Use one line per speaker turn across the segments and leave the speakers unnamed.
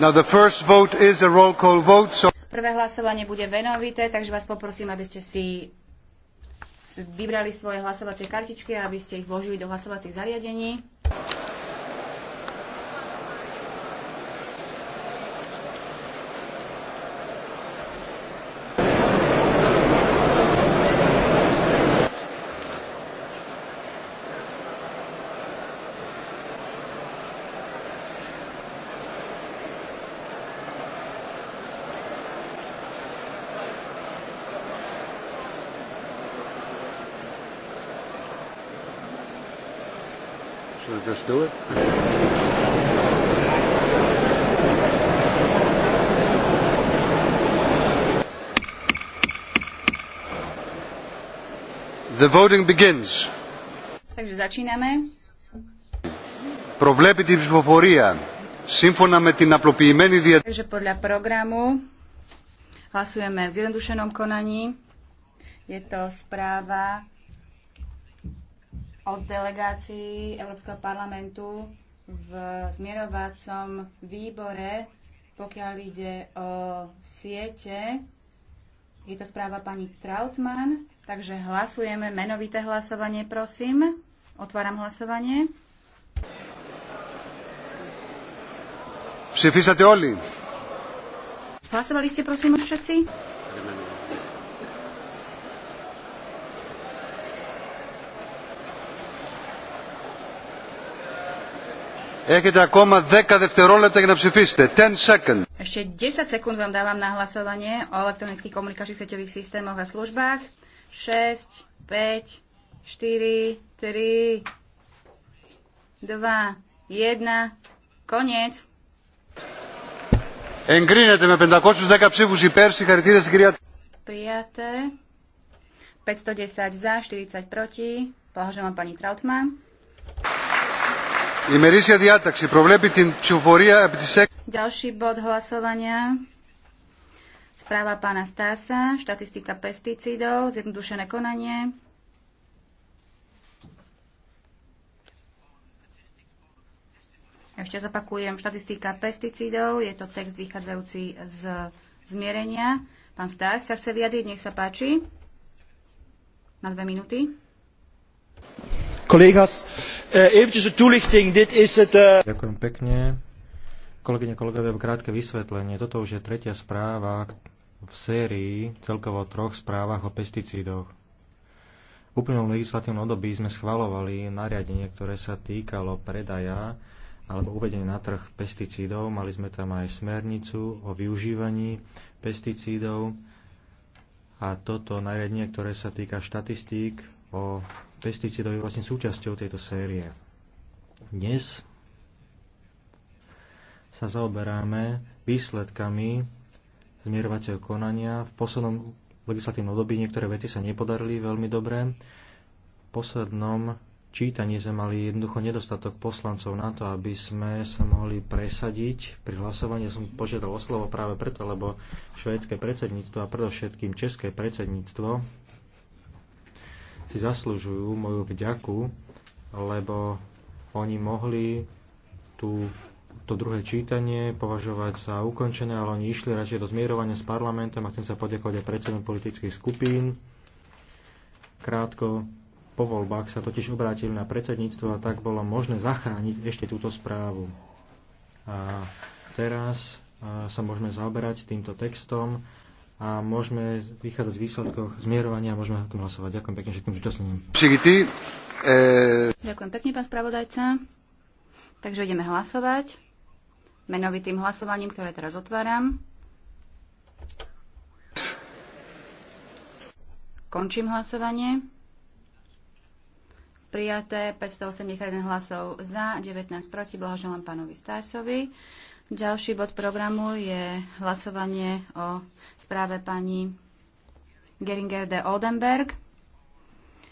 Vote, so...
Prvé hlasovanie bude venovité, takže vás poprosím, aby ste si vybrali svoje hlasovacie kartičky a aby ste ich vložili do hlasovacích zariadení.
Let's just do it. The voting begins.
Takže začíname.
Προβλέπει η ψηφοφορία σύμφωνα με την απλοποιημένη διαδικασία.
Takže podľa programu hlasujeme v zjednodušenom konaní. Je to správa od delegácií Európskeho parlamentu v zmierovacom výbore, pokiaľ ide o siete. Je to správa pani Trautmann, takže hlasujeme. Menovité hlasovanie, prosím. Otváram hlasovanie.
Ψηφίσατε όλοι.
Hlasovali ste prosím už všetci?
Έχετε ακόμα 10 δευτερόλεπτα για να ψηφίσετε. 10 seconds.
Ešte 10 sekúnd vám dávam na hlasovanie o elektronických komunikačných sieťových systémoch a službách. 6, 5, 4, 3, 2, 1. Koniec.
Εγκρίνεται με 510 ψήφους υπέρ. Συγχαρητήρια στην κυρία.
Prijaté. 510 za, 40 proti. Blahoželám pani Trautmann. Ďalší bod hlasovania. Správa pána Stása, štatistika pesticídov, zjednodušené konanie. Ešte zopakujem, štatistika pesticídov, je to text vychádzajúci z zmierenia. Pán Stás sa chce vyjadriť, nech sa páči. Na dve minúty
collega's. Eh, eventjes een toelichting. Dit is het... Eh, Ďakujem pekne. Kolegyne, kolegovia, krátke vysvetlenie. Toto už je tretia správa v sérii celkovo troch správach o pesticídoch. V úplnom legislatívnom období sme schvalovali nariadenie, ktoré sa týkalo predaja alebo uvedenie na trh pesticídov. Mali sme tam aj smernicu o využívaní pesticídov a toto nariadenie, ktoré sa týka štatistík o pesticidov je vlastne súčasťou tejto série. Dnes sa zaoberáme výsledkami zmierovacieho konania. V poslednom legislatívnom období niektoré vety sa nepodarili veľmi dobre. V poslednom čítaní sme mali jednoducho nedostatok poslancov na to, aby sme sa mohli presadiť. Pri hlasovaní som požiadal o slovo práve preto, lebo švédske predsedníctvo a predovšetkým české predsedníctvo si zaslúžujú moju vďaku, lebo oni mohli tú, to druhé čítanie považovať za ukončené, ale oni išli radšej do zmierovania s parlamentom a chcem sa poďakovať aj predsedom politických skupín. Krátko po voľbách sa totiž obrátili na predsedníctvo a tak bolo možné zachrániť ešte túto správu. A teraz sa môžeme zaoberať týmto textom a môžeme vychádzať z výsledkov zmierovania a môžeme o tom hlasovať. Ďakujem pekne všetkým zúčastneným.
E,
Ďakujem pekne, pán spravodajca. Takže ideme hlasovať menovitým hlasovaním, ktoré teraz otváram. Končím hlasovanie. Prijaté 581 hlasov za, 19 proti. Blahoželám pánovi Stajsovi. Ďalší bod programu je hlasovanie o správe pani Geringer de Oldenberg.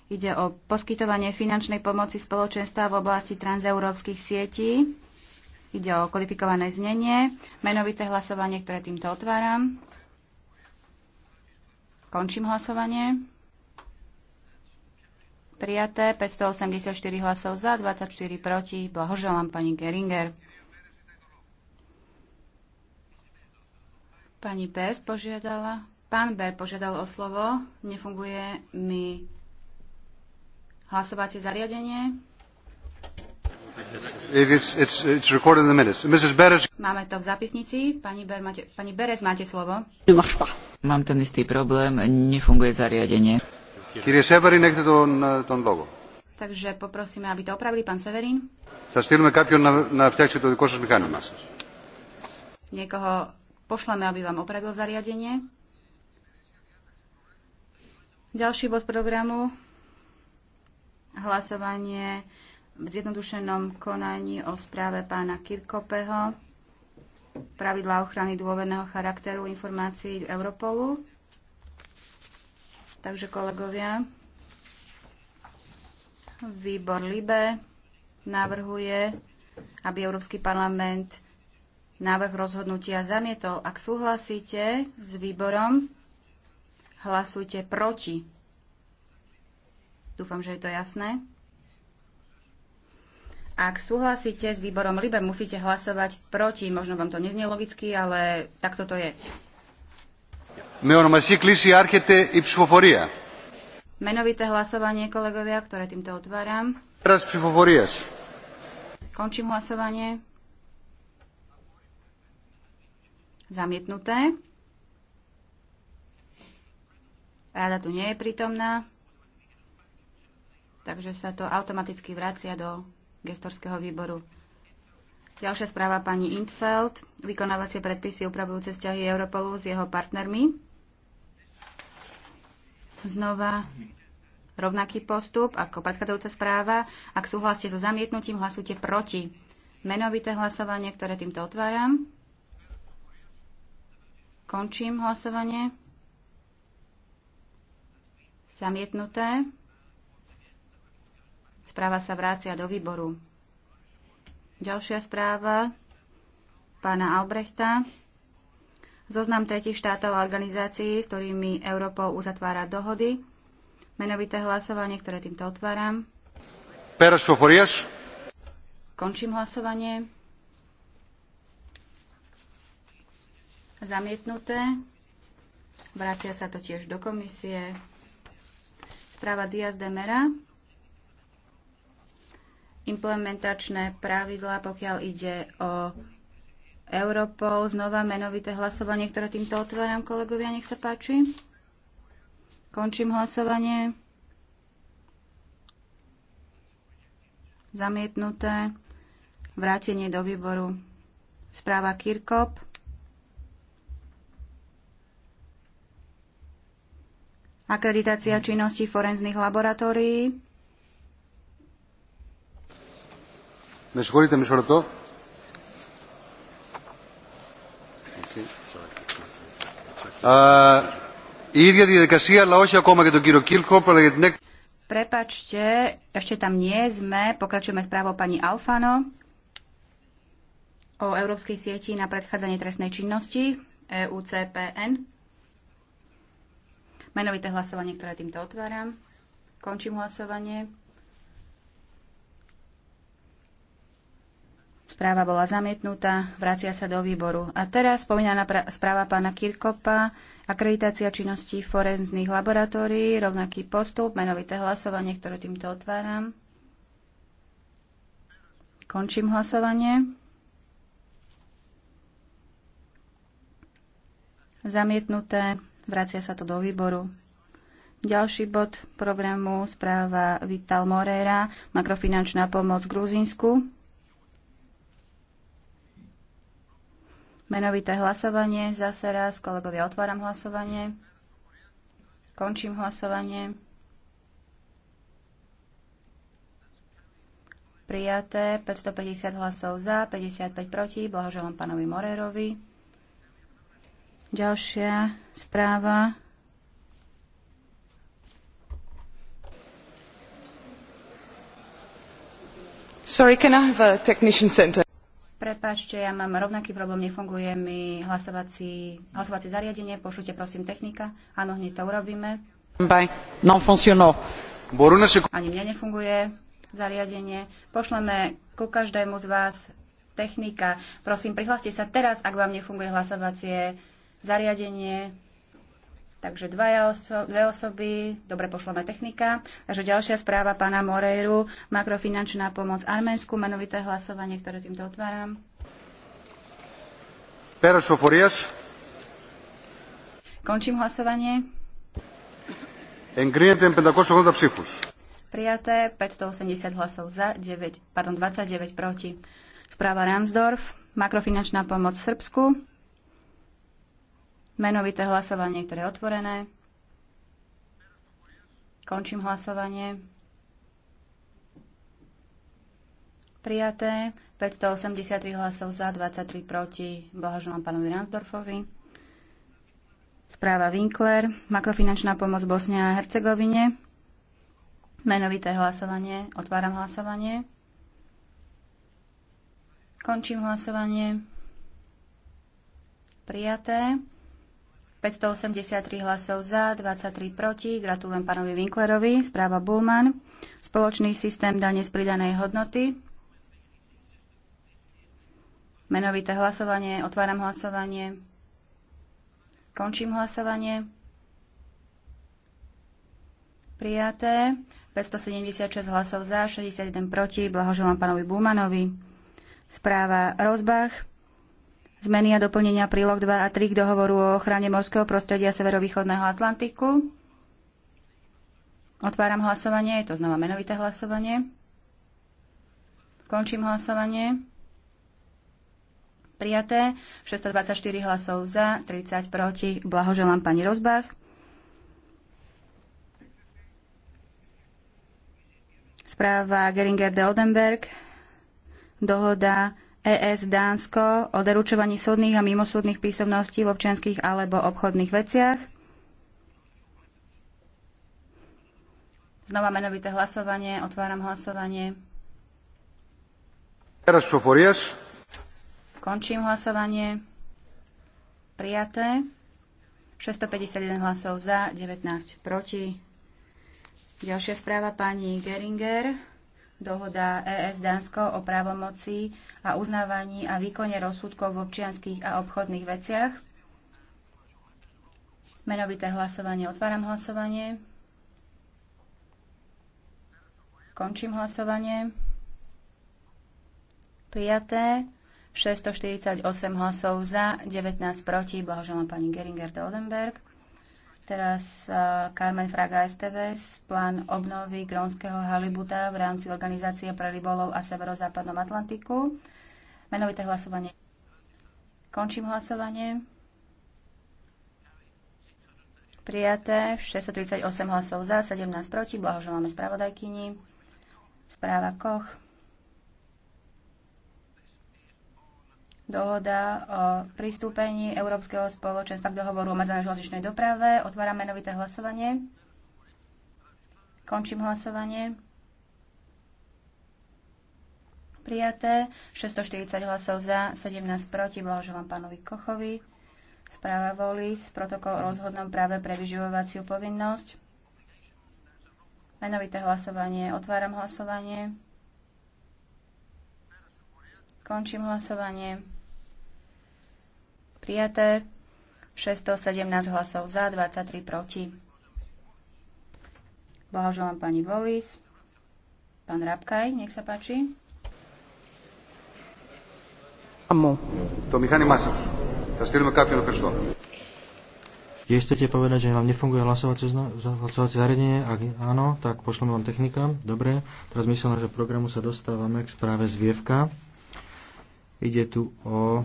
Ide o poskytovanie finančnej pomoci spoločenstva v oblasti transeurópskych sietí. Ide o kvalifikované znenie, menovité hlasovanie, ktoré týmto otváram. Končím hlasovanie. Prijaté 584 hlasov za, 24 proti. Blahoželám pani Geringer. Pani Bers požiadala. Pán B požiadal o slovo. Nefunguje mi hlasovacie zariadenie.
It's, it's, it's
Máme to v zápisnici. Pani, Ber, máte, pani Beres, máte slovo.
Mám ten istý problém. Nefunguje zariadenie. Eh,
Takže poprosíme, aby to opravili. Pán Severin. Niekoho pošleme, aby vám opravil zariadenie. Ďalší bod programu. Hlasovanie v zjednodušenom konaní o správe pána Kirkopeho. Pravidlá ochrany dôverného charakteru informácií v Europolu. Takže kolegovia, výbor LIBE navrhuje, aby Európsky parlament návrh rozhodnutia zamietol. Ak súhlasíte s výborom, hlasujte proti. Dúfam, že je to jasné. Ak súhlasíte s výborom LIBE, musíte hlasovať proti. Možno vám to neznie logicky, ale takto to je. Menovité hlasovanie, kolegovia, ktoré týmto otváram. Končím hlasovanie. Zamietnuté. Rada tu nie je prítomná, takže sa to automaticky vracia do gestorského výboru. Ďalšia správa pani Intfeld. Vykonávacie predpisy upravujúce vzťahy Europolu s jeho partnermi. Znova rovnaký postup ako predchádzajúca správa. Ak súhlasíte so zamietnutím, hlasujte proti. Menovité hlasovanie, ktoré týmto otváram. Končím hlasovanie. Zamietnuté. Správa sa vrácia do výboru. Ďalšia správa pána Albrechta. Zoznam tretich štátov a organizácií, s ktorými Európou uzatvára dohody. Menovité hlasovanie, ktoré týmto otváram. Končím hlasovanie. zamietnuté. Vracia sa to tiež do komisie. Správa Diaz de Mera. Implementačné pravidlá, pokiaľ ide o Europol. Znova menovité hlasovanie, ktoré týmto otváram, kolegovia, nech sa páči. Končím hlasovanie. Zamietnuté. Vrátenie do výboru. Správa Kirkop. akreditácia činnosti forenzných laboratórií. Με Prepačte, ešte tam nie sme. Pokračujeme správou pani Alfano o Európskej sieti na predchádzanie trestnej činnosti, EUCPN. Menovité hlasovanie, ktoré týmto otváram. Končím hlasovanie. Správa bola zamietnutá, vracia sa do výboru. A teraz spomínaná správa pána Kirkopa, akreditácia činností forenzných laboratórií, rovnaký postup, menovité hlasovanie, ktoré týmto otváram. Končím hlasovanie. Zamietnuté. Vracia sa to do výboru. Ďalší bod programu správa Vital Morera, makrofinančná pomoc Gruzínsku. Menovité hlasovanie. Zase raz, kolegovia, otváram hlasovanie. Končím hlasovanie. Prijaté 550 hlasov za, 55 proti. Blahoželám pánovi Morerovi. Ďalšia správa. Sorry, can I have a technician center? Prepáčte, ja mám rovnaký problém, nefunguje mi hlasovací, hlasovacie zariadenie. Pošlite prosím technika. Áno, hneď to urobíme.
Bye. Non
Ani mne nefunguje zariadenie. Pošleme ku každému z vás technika. Prosím, prihláste sa teraz, ak vám nefunguje hlasovacie zariadenie, takže dvaja oso- dve osoby, dobre pošleme technika. Takže ďalšia správa pána Moreiru, makrofinančná pomoc Arménsku, menovité hlasovanie, ktoré týmto otváram. Končím hlasovanie.
Engriete 580 psifus.
Prijaté 580 hlasov za, 9, pardon, 29 proti. Správa Ransdorf, makrofinančná pomoc Srbsku. Menovité hlasovanie, ktoré je otvorené. Končím hlasovanie. Prijaté. 583 hlasov za, 23 proti. Blahoželám pánovi Ransdorfovi. Správa Winkler. Makrofinančná pomoc Bosnia a Hercegovine. Menovité hlasovanie. Otváram hlasovanie. Končím hlasovanie. Prijaté. 583 hlasov za, 23 proti. Gratulujem pánovi Winklerovi. Správa Bullman. Spoločný systém dane z pridanej hodnoty. Menovité hlasovanie. Otváram hlasovanie. Končím hlasovanie. Prijaté. 576 hlasov za, 61 proti. Blahoželám pánovi Bulmanovi. Správa Rozbach zmeny a doplnenia príloh 2 a 3 k dohovoru o ochrane morského prostredia severovýchodného Atlantiku. Otváram hlasovanie, je to znova menovité hlasovanie. Končím hlasovanie. Prijaté. 624 hlasov za, 30 proti. Blahoželám pani Rozbach. Správa Geringer de Dohoda ES Dánsko o doručovaní súdnych a mimosúdnych písomností v občianských alebo obchodných veciach. Znova menovité hlasovanie. Otváram hlasovanie. Končím hlasovanie. Prijaté. 651 hlasov za, 19 proti. Ďalšia správa pani Geringer dohoda ES Dánsko o právomoci a uznávaní a výkone rozsudkov v občianských a obchodných veciach. Menovité hlasovanie. Otváram hlasovanie. Končím hlasovanie. Prijaté. 648 hlasov za, 19 proti. Blahoželám pani Geringer de Odenberg. Teraz uh, Carmen Fraga STVS, plán obnovy grónskeho halibuta v rámci Organizácie pre rybolov a severozápadnom Atlantiku. Menovité hlasovanie. Končím hlasovanie. Prijaté 638 hlasov za, 17 proti. Blahoželáme spravodajkyni. Správa Koch. dohoda o pristúpení Európskeho spoločenstva k dohovoru o medzinárodnej železničnej doprave. Otváram menovité hlasovanie. Končím hlasovanie. Prijaté. 640 hlasov za, 17 proti. Blahoželám pánovi Kochovi. Správa Volis, protokol o rozhodnom práve pre vyživovaciu povinnosť. Menovité hlasovanie. Otváram hlasovanie. Končím hlasovanie prijaté, 617 hlasov za, 23 proti. Blahoželám pani Volis. Pán Rabkaj, nech sa páči.
Amo. To mechanimá sa. Ja stýrime kapielu prešlo.
Keď chcete povedať, že vám nefunguje hlasovacie, hlasovacie zariadenie, ak áno, tak pošleme vám technika. Dobre, teraz myslím, že programu sa dostávame k správe z Vievka. Ide tu o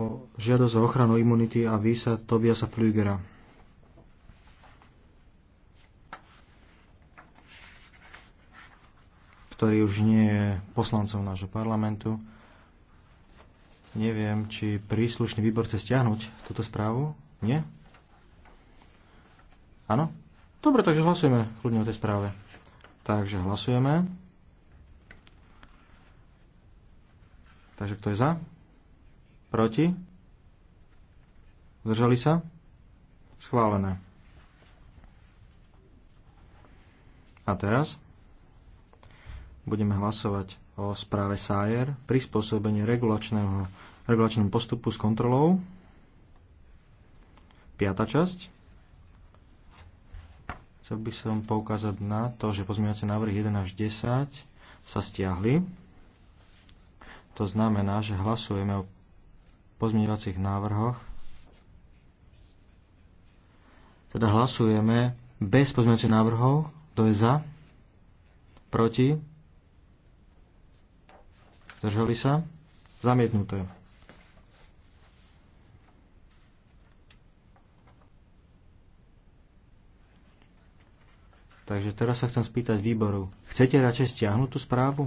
o žiadosť o ochranu imunity a výsa Tobiasa Flügera. ktorý už nie je poslancom nášho parlamentu. Neviem, či príslušný výbor chce stiahnuť túto správu. Nie? Áno? Dobre, takže hlasujeme kľudne o tej správe. Takže hlasujeme. Takže kto je za? Proti? Zdržali sa? Schválené. A teraz budeme hlasovať o správe pri prispôsobenie regulačného, regulačnému postupu s kontrolou. Piata časť. Chcel by som poukázať na to, že pozmeňovacie návrhy 1 až 10 sa stiahli. To znamená, že hlasujeme o pozmeňovacích návrhoch. Teda hlasujeme bez pozmeňovacích návrhov. Kto je za? Proti? Zdržali sa? Zamietnuté. Takže teraz sa chcem spýtať výboru. Chcete radšej stiahnuť tú správu?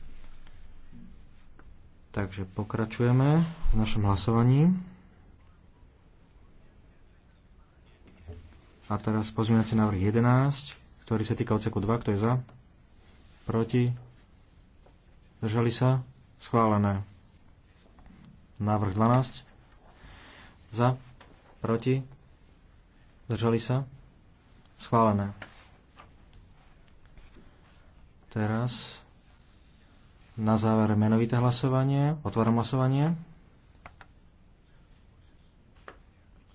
Takže pokračujeme v našom hlasovaní. A teraz si návrh 11, ktorý sa týka odseku 2. Kto je za? Proti? Držali sa? Schválené. Návrh 12. Za? Proti? Držali sa? Schválené. Teraz na záver menovité hlasovanie. Otváram hlasovanie.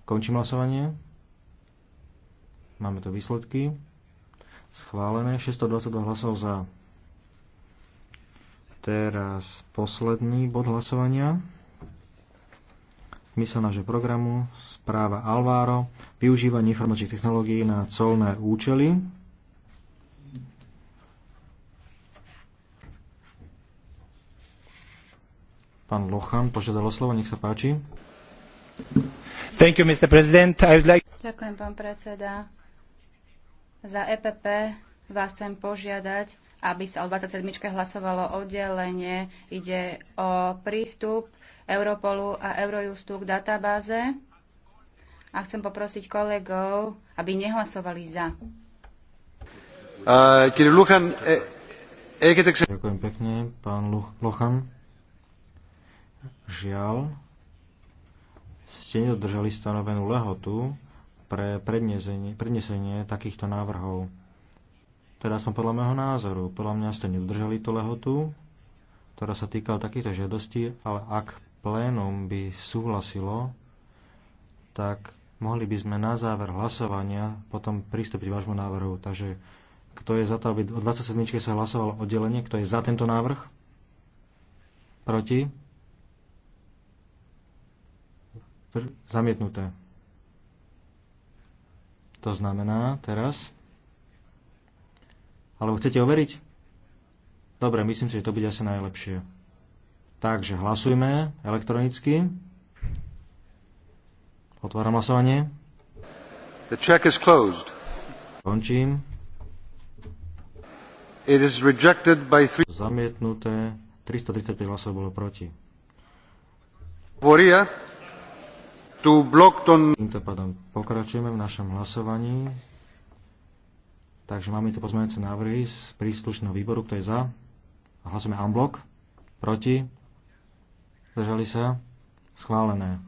Končím hlasovanie. Máme tu výsledky. Schválené. 622 hlasov za. Teraz posledný bod hlasovania mysel nášho programu správa Alváro, využívanie informačných technológií na colné účely. Pán Lochan požiadal o slovo, nech sa páči. Thank you, Mr. President. I would like...
Ďakujem, pán predseda. Za EPP vás chcem požiadať, aby sa o 27. hlasovalo oddelenie. Ide o prístup Europolu a Eurojustu k databáze. A chcem poprosiť kolegov, aby nehlasovali za.
Uh, Ďakujem pekne, pán Lochan. Žiaľ, ste nedodržali stanovenú lehotu pre prednesenie takýchto návrhov. Teda som podľa môjho názoru. Podľa mňa ste nedodržali tú lehotu, ktorá sa týkala takýchto žiadostí, ale ak plénum by súhlasilo, tak mohli by sme na záver hlasovania potom pristúpiť vášmu návrhu. Takže kto je za to, aby o 27. sa hlasovalo oddelenie? Kto je za tento návrh? Proti? zamietnuté. To znamená teraz... Alebo chcete overiť? Dobre, myslím si, že to bude asi najlepšie. Takže hlasujme elektronicky. Otváram hlasovanie.
The check is closed.
Končím. It is rejected by three... Zamietnuté. 335 hlasov bolo proti. Voria. Týmto pádom pokračujeme v našom hlasovaní. Takže máme tu pozmeňujúce návrhy z príslušného výboru, kto je za. Hlasujeme unblock. Proti. Zdržali sa. Schválené.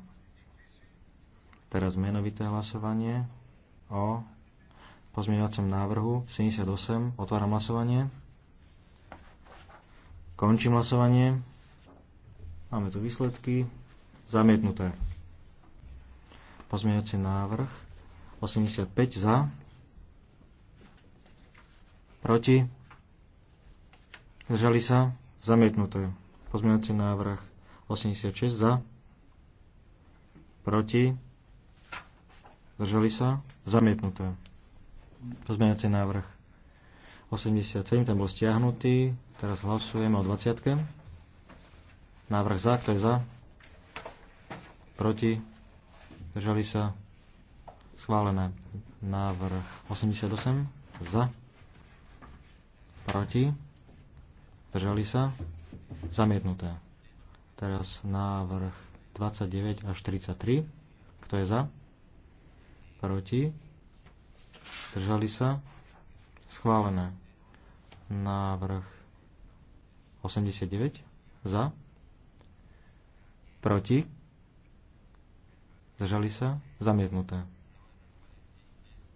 Teraz menovité hlasovanie o pozmeňovacom návrhu 78. Otváram hlasovanie. Končím hlasovanie. Máme tu výsledky. Zamietnuté. Pozmeňujúci návrh 85 za. Proti. Zdržali sa. Zamietnuté. Pozmeňujúci návrh 86 za. Proti. Zdržali sa. Zamietnuté. Pozmeňujúci návrh 87, ten bol stiahnutý. Teraz hlasujeme o 20. Návrh za, kto je za? Proti? Zdržali sa? Schválené. Návrh 88. Za. Proti. Zdržali sa? Zamietnuté. Teraz návrh 29 až 33. Kto je za? Proti. Zdržali sa? Schválené. Návrh 89. Za. Proti. Zdržali sa? Zamietnuté.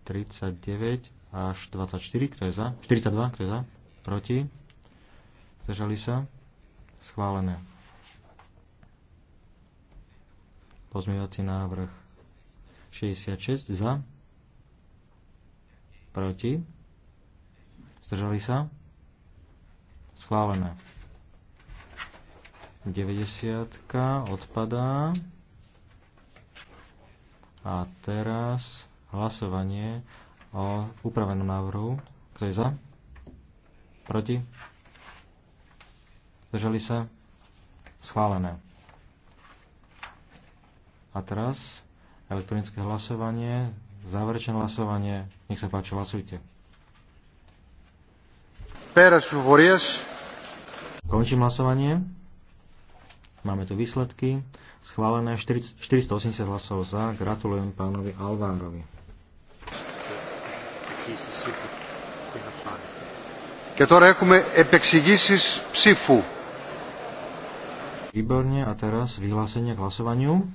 39 až 24, kto je za? 42, kto je za? Proti? Zdržali sa? Schválené. Pozmievací návrh 66 za? Proti? Zdržali sa? Schválené. 90 odpadá. A teraz hlasovanie o upravenom návrhu. Kto je za? Proti? Zdržali sa? Schválené. A teraz elektronické hlasovanie, záverečné hlasovanie. Nech sa páči, hlasujte. Končím hlasovanie. Máme tu výsledky schválené 480 hlasov za. Gratulujem pánovi Alvárovi.
Και τώρα έχουμε επεξηγήσεις ψήφου.
Výborne, a teraz vyhlásenie k hlasovaniu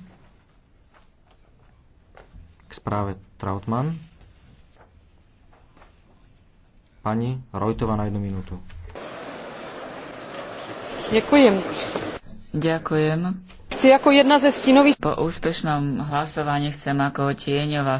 k správe Trautmann. Pani Rojtová na jednu minútu.
Ďakujem. Ďakujem. Chci ako jedna ze stínových... Po úspešnom hlasovaní chcem ako tieňová